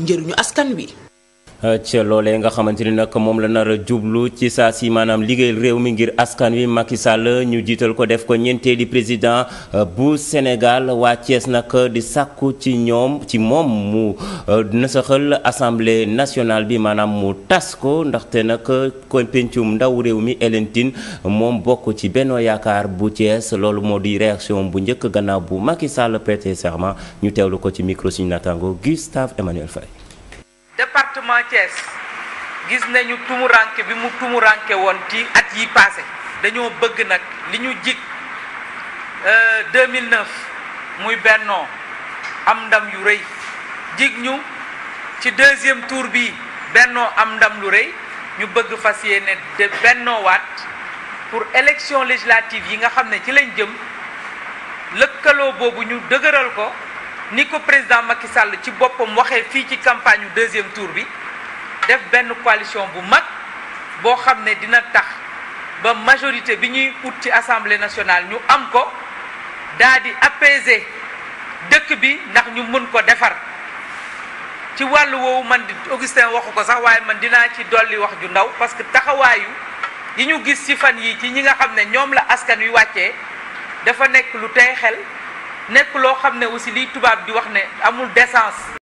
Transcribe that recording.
njëriñu askan wi. ca loolee nga xamante ni nag moom la nar a jublu ci saa si maanaam liggéeyal réew mi ngir askan wi Macky Sall ñu jiital ko def ko ñeenteeli président euh, bu Sénégal waa Thiès nag di sàkku ci ñoom ci moom mu euh, nasaxal assemblée nationale bi maanaam mu tas ko ndaxte nag ko pencum ndaw réew mi Hélène moom bokk ci Benno Yaakaar bu Thiès loolu moo di réaction bu njëkk gannaaw bu Macky Sall prêté serment ñu teewlu ko ci micro suñu naataango Gustave Emmanuel Faye département Thiès gis nañu tumuranke bi mu tumuranke woon ci at yi passé dañoo bëgg nag li ñu jig 2009 euh, muy bennoo am ndam yu rëy jig ñu ci deuxième tour bi bennoo am ndam lu rëy ñu bëgg fas yéene de bennoowaat pour élection législative yi nga xam ne ci lañ jëm lëkkaloo boobu ñu dëgëral ko ni ko président Macky Sall ci boppam waxee fii ci campagne yu deuxième tour bi def benn coalition bu mag boo xam ne dina tax ba majorité bi ñuy ut ci assemblée nationale ñu am ko daa di apaiser dëkk bi ndax ñu mën ko defar ci wàll woowu man di Augustin waxu ko sax waaye man dinaa ci dolli wax ju ndaw parce que taxawaayu yi ñu gis ci fan yi ci ñi nga xam ne ñoom la askan wi wàccee dafa nekk lu tey xel nekk loo xam ne aussi liy tubaab di wax ne amul décence